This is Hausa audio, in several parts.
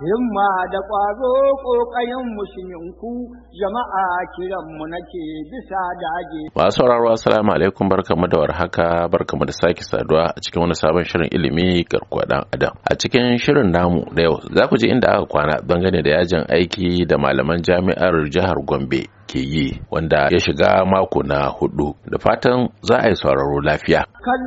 himma da ƙwazo ƙoƙayen musulminku jama'a kiranmu nake bisa dage. Masu sauraro assalamu alaikum barkamu da warhaka barkamu da sake saduwa a cikin wani sabon shirin ilimi garkuwa dan adam. A cikin shirin namu da yau za ku ji inda aka kwana dangane da yajin aiki da malaman jami'ar jihar Gombe ke yi wanda ya shiga mako na hudu da fatan za a yi sauraro lafiya. Kan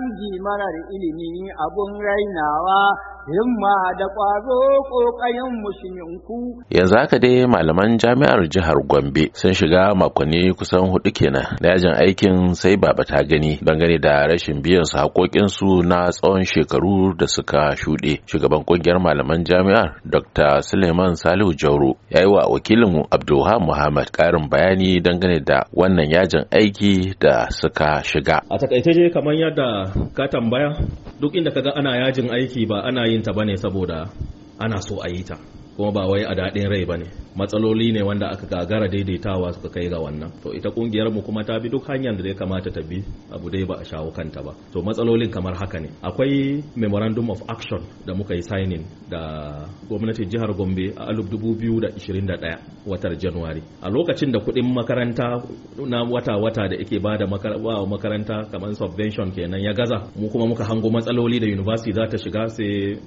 marar ilimi abun rainawa himma da ƙwazo ƙoƙayen musulminku. Yanzu haka dai malaman jami'ar jihar Gombe sun shiga makonni kusan hudu kenan na yajin aikin sai baba ta gani dangane da rashin biyan su haƙoƙinsu na tsawon shekaru da suka shuɗe. Shugaban ƙungiyar malaman jami'ar Dr. Suleiman Salihu Jauro ya yi wa wakilin Abdulha Muhammad ƙarin bayani dangane da wannan yajin aiki da suka shiga. A takaice kamar yadda ka tambaya duk inda ka ga ana yajin aiki ba ana yin ta bane saboda ana so a yi ta kuma ba wai a daɗin rai ba ne matsaloli ne wanda aka gagara daidaitawa suka kai ga wannan to ita kungiyar mu kuma ta bi duk hanyar da ya kamata ta bi abu dai ba a shawo kanta ba to matsalolin kamar haka ne akwai memorandum of action da muka yi signing da gwamnatin jihar Gombe a 2021 watar januari a lokacin da kuɗin makaranta na wata-wata da yake ba da makaranta kamar subvention kenan ya gaza mu kuma muka hango matsaloli da university za ta shiga sai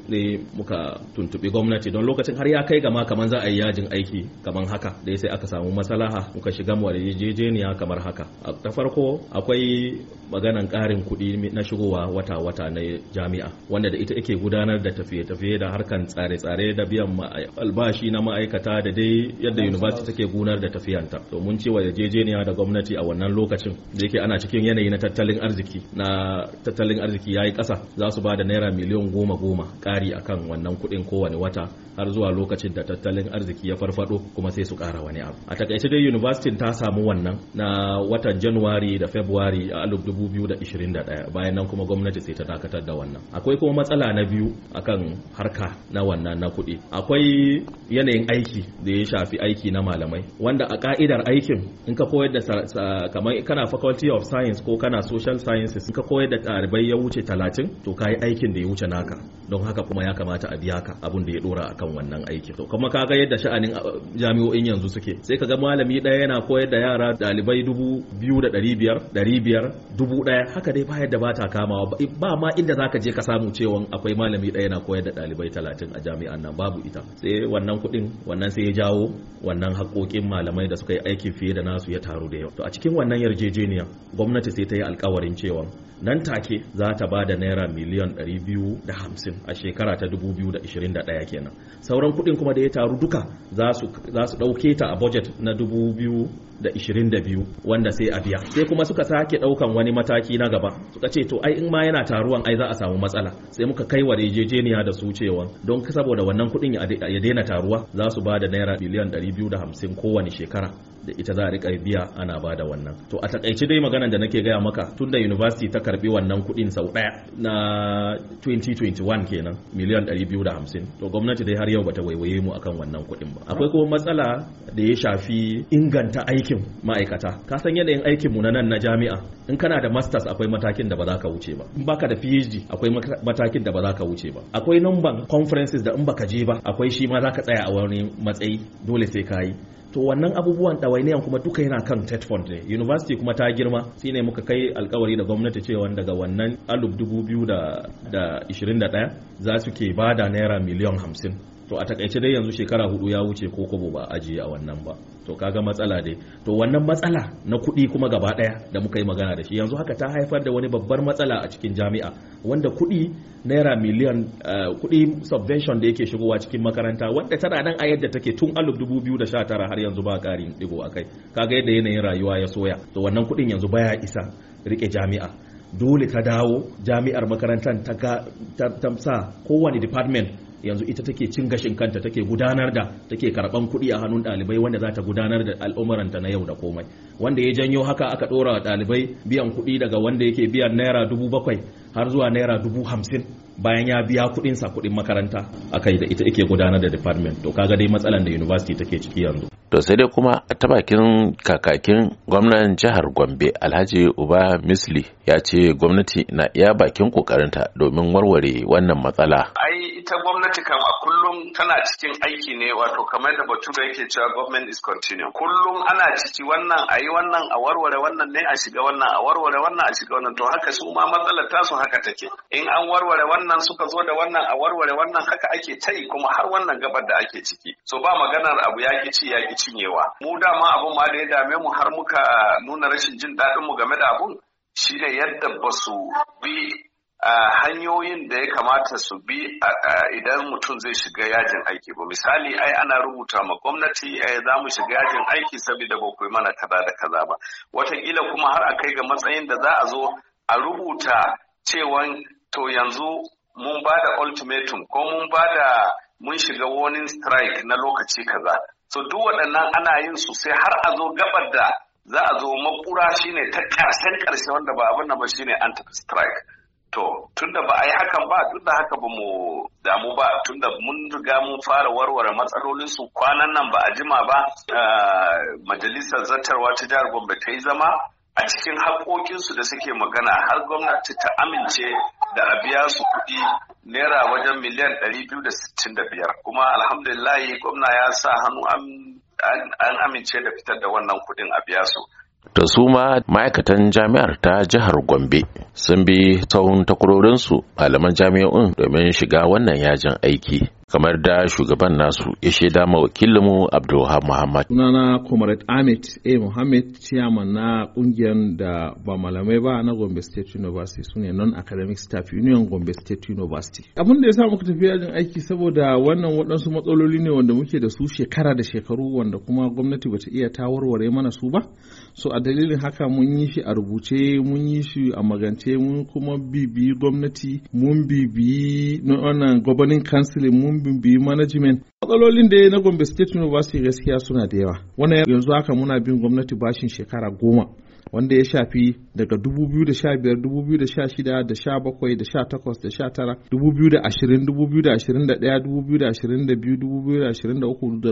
muka tuntuɓi gwamnati don lokacin har ya kai gama kamar za a yi yajin aiki kamar haka da sai aka samu masalaha muka shiga mu yarjejeniya kamar haka ta farko akwai maganan karin kuɗi na shigowa wata-wata na jami'a wanda da ita ake gudanar da tafiye-tafiye da harkan tsare-tsare da biyan albashi na ma'aikata da dai yadda university take gudanar da tafiyanta to mun ce wa yarjejeniya da gwamnati a wannan lokacin da yake ana cikin yanayi na tattalin arziki na tattalin arziki yayi kasa za su ba da naira miliyan goma goma ƙari akan wannan kuɗin kowane wata har zuwa lokacin lokacin da tattalin arziki ya farfado kuma sai su kara wani abu a takaice dai university ta samu wannan na watan january da february a 2021 bayan nan kuma gwamnati sai ta dakatar da wannan akwai kuma matsala na biyu akan harka na wannan na kuɗi akwai yanayin aiki da ya shafi aiki na malamai wanda a ka'idar aikin in ka koyar da kamar kana faculty of science ko kana social sciences in ka koyar da ɗalibai ya wuce talatin to ka yi aikin da ya wuce naka don haka kuma ya kamata a biya ka abin da ya dora akan wannan aiki yake to kuma kaga yadda sha'anin uh, jami'o'in yanzu suke sai kaga malami ɗaya yana koyar da yara dalibai dubu biyu da ɗari biyar ɗari biyar dubu ɗaya haka dai ba yadda ba ta kamawa ba ma inda zaka je ka samu cewa akwai malami ɗaya yana koyar da ɗalibai talatin a jami'an nan babu ita sai wannan kuɗin wannan sai ya jawo wannan haƙoƙin malamai da suka yi aiki fiye da nasu ya taru da yawa to a cikin wannan yarjejeniya gwamnati sai ta yi alƙawarin cewa nan take za ta ba da naira miliyan 250 a shekara ta 2021 kenan sauran kuɗin kuma da ya taru duka za su ɗauke ta a budget na 2022 wanda sai a biya sai kuma suka sake ɗaukan wani mataki na gaba suka ce to ai in ma yana taruwan ai za a samu matsala sai muka kai wa yarjejeniya da su cewa don saboda wannan kuɗin ya daina taruwa za su ba da naira miliyan 250 kowane shekara da ita za a riƙa biya ana ba da wannan to a takaice dai maganan da nake gaya maka tun da university ta karbi wannan kuɗin sau ɗaya na 2021 kenan miliyan 250 to gwamnati dai har yau bata waiwaye mu akan wannan kuɗin ba akwai kuma matsala da ya shafi inganta aikin ma'aikata ka san yanayin aikin mu na nan na jami'a in kana da masters akwai matakin da ba za ka wuce ba in baka da PhD akwai matakin da ba za ka wuce ba akwai numban conferences da in baka je ba akwai shi ma za ka tsaya a wani matsayi dole sai ka yi to wannan abubuwan ɗawainiyan kuma duka yana kan tet fund ne university kuma ta girma shi ne muka kai alkawari da gwamnati cewa daga wannan aluf dubu biyu da ishirin da ɗaya za su ke bada naira miliyan hamsin to a takaice dai yanzu shekara hudu ya wuce ko kobo ba ajiye a wannan ba to kaga matsala dai to wannan matsala na kuɗi kuma gaba ɗaya da muka yi magana da shi yanzu haka ta haifar da wani babbar matsala a cikin jami'a wanda kuɗi naira miliyan eh, kuɗi subvention da yake shigowa cikin makaranta wanda tana nan a yadda take tun 2019 har yanzu ba ƙarin digo akai kaga yadda yanayin rayuwa ya soya to wannan kuɗin yanzu baya isa rike jami'a dole ta dawo jami'ar makarantar ta sa kowane department yanzu ita take cin gashin kanta take gudanar da take karban kuɗi a hannun ɗalibai wanda za ta gudanar da al'umuranta na yau da komai wanda ya janyo haka aka ɗora wa ɗalibai biyan kuɗi daga wanda yake biyan naira dubu bakwai har zuwa naira dubu hamsin bayan ya biya kuɗinsa kuɗin makaranta akai da ita yake gudanar da department to kaga dai matsalan da university take ciki yanzu to sai dai kuma a ta bakin kakakin gwamnan jihar gombe alhaji uba misli ya ce gwamnati na iya bakin kokarinta domin warware wannan matsala ai ita gwamnati kam a kullum tana cikin aiki ne wato kamar da da yake cewa government is continue kullum ana ciki wannan ayi wannan a warware wannan ne a shiga wannan a warware wannan a shiga wannan to haka su ma matsalar tasu haka take in an warware wannan suka zo da wannan a warware wannan haka ake ta yi kuma har wannan gabar da ake ciki so ba maganar abu ya ci ya ci cinyewa mu dama abin ma da ya dame mu har muka nuna rashin jin daɗin mu game da abun ne yadda ba su bi hanyoyin da ya kamata su bi idan mutum zai shiga yajin aiki ba misali ai ana rubuta ma gwamnati ai eh, za mu shiga yajin aiki saboda ba ku mana kaza da kaza ba wataƙila kuma har a kai ga matsayin da za a zo a rubuta cewan to yanzu mun ba da ultimatum ko mun ba da mun shiga warning strike na lokaci kaza so duk waɗannan ana yin su sai har a zo gabar da za a zo makura shine ta ƙarshen ƙarshe wanda ba abin ba shine ne anti strike to tunda ba a yi hakan ba tunda haka ba mu damu ba tunda mun riga mun fara warware matsalolin su kwanan nan ba a jima ba eh, majalisar zartarwa ta jihar Gombe ta yi zama a cikin haƙoƙinsu da suke magana har gwamnati ta amince da a biya su kuɗi naira wajen miliyan biyar, kuma alhamdulillahi gwamna ya sa hannu an amince da fitar da wannan kuɗin a biya su. Da suma ma'aikatan jami'ar ta jihar Gombe sun bi tsawon takwarorinsu malaman jami'o'in domin shiga wannan yajin aiki kamar da shugaban nasu ya shaida ma wakilinmu Abdulwahab Muhammad. Sunana Comrade Ahmed A. Muhammad chairman na kungiyar da ba malamai ba na Gombe State University sune non-academic staff union Gombe State University. Abin da ya sa muka tafi yajin aiki saboda wannan waɗansu matsaloli ne wanda muke da su shekara da shekaru wanda kuma gwamnati bata iya ta warware mana su ba. So a dalilin haka mun yi shi a rubuce mun yi shi a magance ce mun kuma bibiyi gwamnati mun bibiyi wannan governing council mun bibiyi management matsalolin da na gombe state university gaskiya suna da yawa wannan yanzu haka muna bin gwamnati bashin shekara goma wanda ya shafi daga 2015 2016 da 17 da 18 da 19 2020 2021 2022 2023 da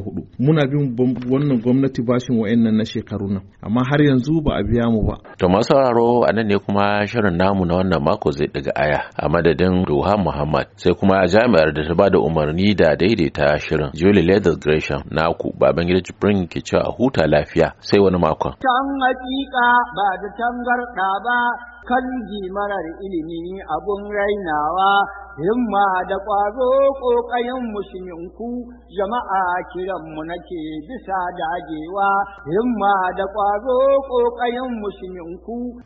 2024 muna bin wannan gwamnati bashin wa'in nan na shekaru nan amma har yanzu ba a biya mu ba to masu sauraro a nan ne kuma shirin namu na wannan mako zai daga aya a madadin Ruha Muhammad sai kuma jami'ar da ta ba da umarni da daidaita shirin Julie Leather Gresham naku baban gida Jibrin ke cewa huta lafiya sai wani makon can hakika ba da tangarɗa ba kan marar ilimi abun rainawa himma da ƙwazo ƙoƙarin musulminku jama'a kiranmu nake bisa dagewa himma da ƙwazo ƙoƙarin musulminku